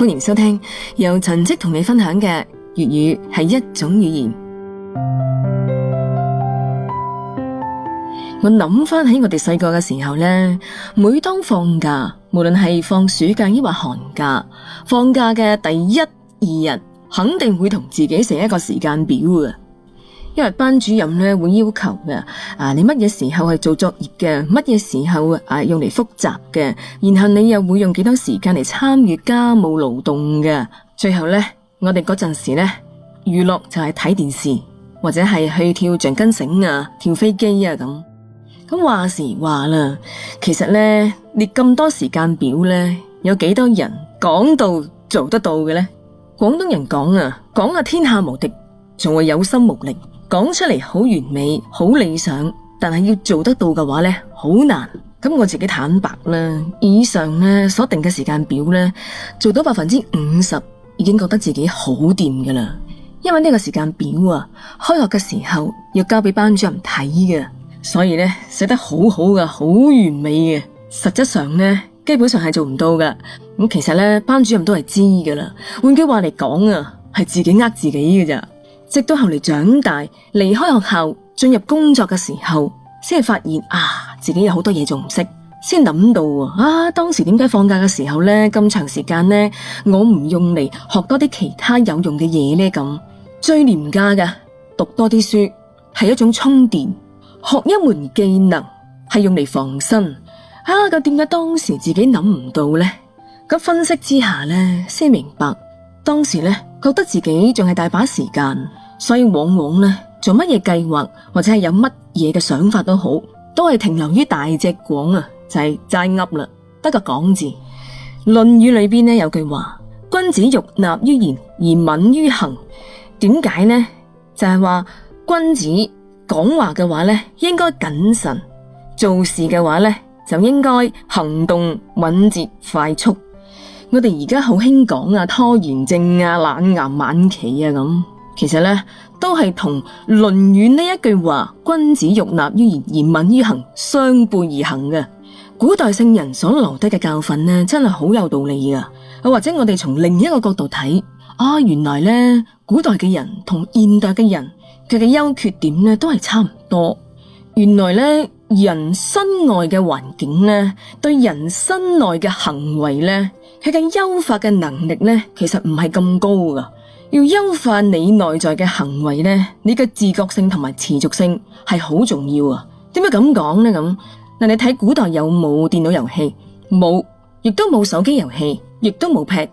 歡迎收聽，由陳迹同你分享嘅粵語係一種語言。 我諗翻起我哋細個嘅時候咧，每當放假，無論係放暑假抑或寒假，放假嘅第一、二日，肯定會同自己寫一個時間表啊。因為班主任咧會要求嘅，啊你乜嘢時候係做作業嘅，乜嘢時候啊用嚟復習嘅，然後你又會用幾多時間嚟參與家務勞動嘅。最後呢，我哋嗰陣時候呢，娛樂就係睇電視或者係去跳橡筋繩啊、跳飛機啊咁。咁話時話啦，其實呢列咁多時間表呢，有幾多人講到做得到嘅呢？廣東人講啊，講啊天下無敵，仲係有心無力。講出嚟好完美、好理想，但係要做得到嘅話呢，好難。咁我自己坦白啦，以上呢所定嘅時間表呢，做到百分之五十已經覺得自己好掂噶啦。因為呢個時間表啊，開學嘅時候要交俾班主任睇嘅，所以呢寫得好好噶、好完美嘅，實質上呢基本上係做唔到噶。其實呢，班主任都係知噶啦。換句話嚟講啊，係自己呃自己嘅咋。直到後嚟長大離開學校進入工作嘅時候，先係發現啊，自己有好多嘢仲唔識，先諗到啊，當時點解放假嘅時候呢咁長時間呢，我唔用嚟學多啲其他有用嘅嘢呢？咁最廉價嘅讀多啲書係一種充電，學一門技能係用嚟防身啊！咁點解當時自己諗唔到呢？咁分析之下呢，先明白當時呢覺得自己仲係大把時間。所以往往咧做乜嘢計劃或者係有乜嘢嘅想法都好，都係停留於大隻講啊，就係齋噏啦，得個講字，《論語》裡面呢裏邊咧有句話：君子欲訥於言而敏於行。點解咧？就係、是、話君子講話嘅話咧應該謹慎，做事嘅話咧就應該行動敏捷快速。我哋而家好興講啊，拖延症啊，懶癌晚期啊咁。其實呢，都係同《論語》呢一句話“君子欲訥於言，言敏於行”相背而行嘅。古代聖人所留低嘅教訓呢，真係好有道理㗎。或者我哋從另一個角度睇，啊，原來呢，古代嘅人同現代嘅人，佢嘅優缺點呢都係差唔多。原來呢，人身外嘅環境呢，對人身內嘅行為呢，佢嘅優化嘅能力呢，其實唔係咁高㗎。要優化你內在嘅行為呢，你嘅自覺性同埋持續性係好重要啊！點解咁講咧？咁嗱，你睇古代有冇電腦遊戲？冇，亦都冇手機遊戲，亦都冇劈。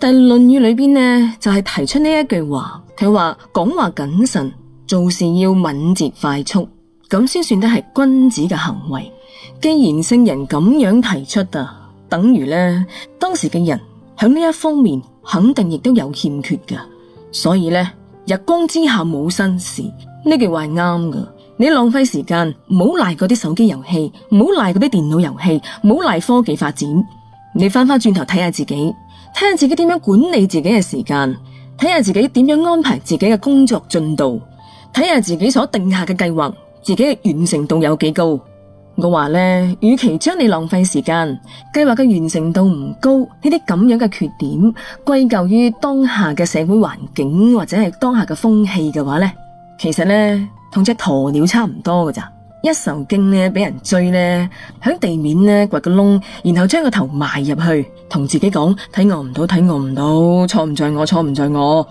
但係《論語》裏面呢就係提出呢一句話，佢話講話謹慎，做事要敏捷快速，咁先算得係君子嘅行為。既然聖人咁樣提出啊，等於呢當時嘅人響呢一方面肯定亦都有欠缺噶。所以呢，日光之下冇新事，呢句話係啱噶。你浪費時間，唔好賴嗰啲手機遊戲，唔好賴嗰啲電腦遊戲，唔好賴科技發展。你翻翻轉頭睇下自己，睇下自己點樣管理自己嘅時間，睇下自己點樣安排自己嘅工作進度，睇下自己所定下嘅計劃，自己嘅完成度有幾高。我話咧，與其將你浪費時間，計劃嘅完成度唔高，呢啲咁樣嘅缺點歸咎於當下嘅社會環境或者係當下嘅風氣嘅話咧，其實呢，同隻鴕鳥差唔多噶咋，一受驚咧俾人追呢，響地面咧掘個窿，然後將個頭埋入去，同自己講，睇我唔到，睇我唔到，錯唔在我，錯唔在我，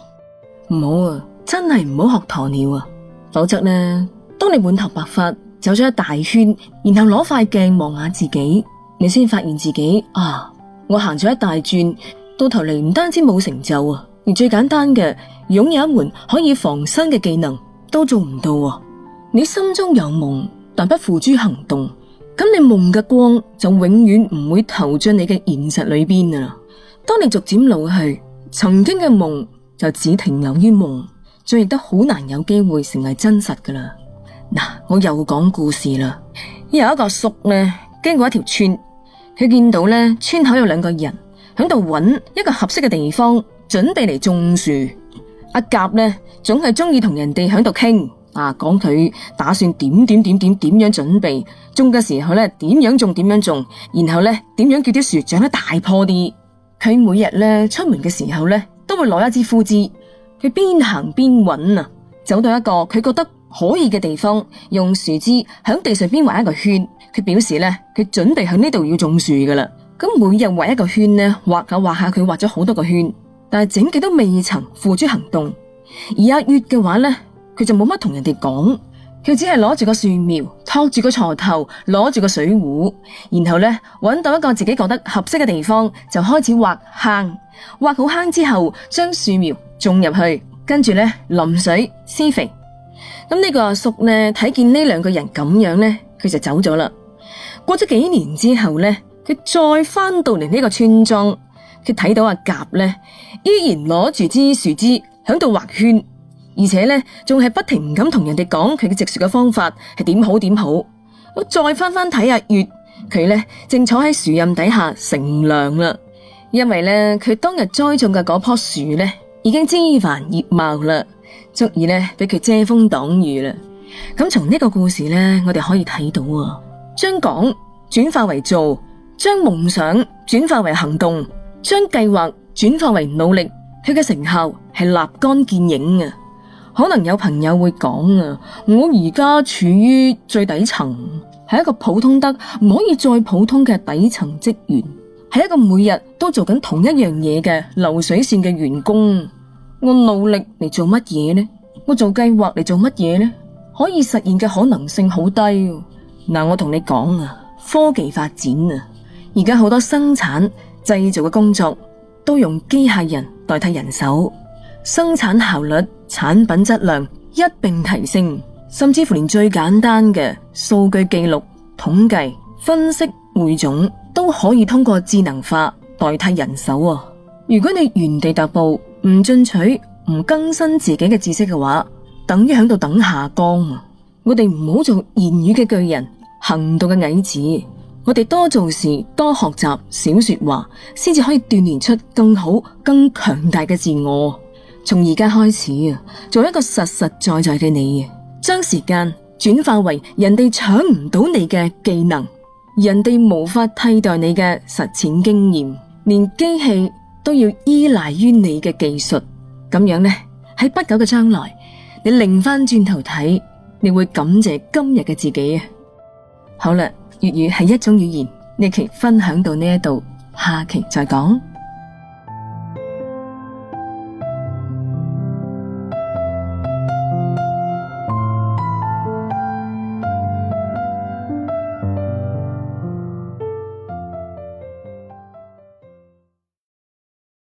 唔好啊，真係唔好學鴕鳥啊，否則呢，當你滿頭白髮，走咗一大圈，然後攞塊鏡望下自己，你先發現自己啊！我行咗一大轉，到頭嚟唔單止冇成就啊，而最簡單嘅擁有一門可以防身嘅技能都做唔到啊！你心中有夢，但不付諸行動，咁你夢嘅光就永遠唔會投進你嘅現實裏邊啊！當你逐漸老去，曾經嘅夢就只停留於夢，再亦得好難有機會成為真實噶啦。嗱，我又講故事啦。有一個叔呢，經過一條村，佢見到呢村口有兩個人喺度搵一個合適嘅地方，準備嚟種樹。阿甲呢，總係中意同人哋喺度傾啊，講佢打算點點點點點樣準備，種嘅時候呢，點樣種點樣種，然後呢，點樣叫啲樹長得大棵啲。佢每日呢出門嘅時候呢，都會攞一支枯枝，佢邊行邊搵啊，走到一個佢覺得。可以嘅地方，用樹枝喺地上邊畫一個圈。佢表示呢，佢準備喺呢度要種樹㗎喇。咁每日畫一個圈呢，畫下畫下，佢畫咗好多個圈，但係整嘅都未曾付諸行動。而阿月嘅話呢，佢就冇乜同人哋講，佢只係攞住個樹苗，托住個鋤頭，攞住個水壺，然後呢搵到一個自己覺得合適嘅地方，就開始挖坑。挖好坑之後，將樹苗種入去，跟住呢淋水施肥。咁呢個阿叔呢，睇見呢兩個人咁樣呢，佢就走咗啦。過咗幾年之後呢，佢再翻到嚟呢個村莊，佢睇到阿甲呢，依然攞住枝樹枝響度畫圈，而且呢，仲係不停咁同人哋講佢嘅植樹嘅方法係點好點好。我再翻翻睇阿月，佢呢，正坐喺樹蔭底下乘涼啦，因為呢，佢當日栽種嘅嗰棵樹呢，已經枝繁葉茂啦。足以呢俾佢遮風擋雨啦。咁從呢個故事呢，我哋可以睇到啊，將講轉化為做，將夢想轉化為行動，將計劃轉化為努力，佢嘅成效係立竿見影啊！可能有朋友會講啊，我而家處於最底層，係一個普通得唔可以再普通嘅底層職員，係一個每日都做緊同一樣嘢嘅流水線嘅員工。我努力嚟做乜嘢呢？我做計劃嚟做乜嘢呢？可以實現嘅可能性好低啊。嗱，嗯，我同你講啊，科技發展啊，而家好多生產製造嘅工作都用機械人代替人手，生產效率、產品質量一併提升，甚至乎連最簡單嘅數據記錄、統計、分析、匯總都可以通過智能化代替人手啊。如果你原地踏步。唔進取，唔更新自己嘅知識嘅話，等於喺度等下降。我哋唔好做言語嘅巨人，行動嘅矮子。我哋多做事，多學習，少說話，先至可以鍛煉出更好、更強大嘅自我。從而家開始做一個實實在在嘅你，將時間轉化為人哋搶唔到你嘅技能，人哋無法替代你嘅實踐經驗，連機器。都要依賴於你嘅技術，咁樣呢，喺不久嘅將來，你擰翻轉頭睇，你會感謝今日嘅自己。好啦，粵語係一種語言，呢期分享到呢一度，下期再講。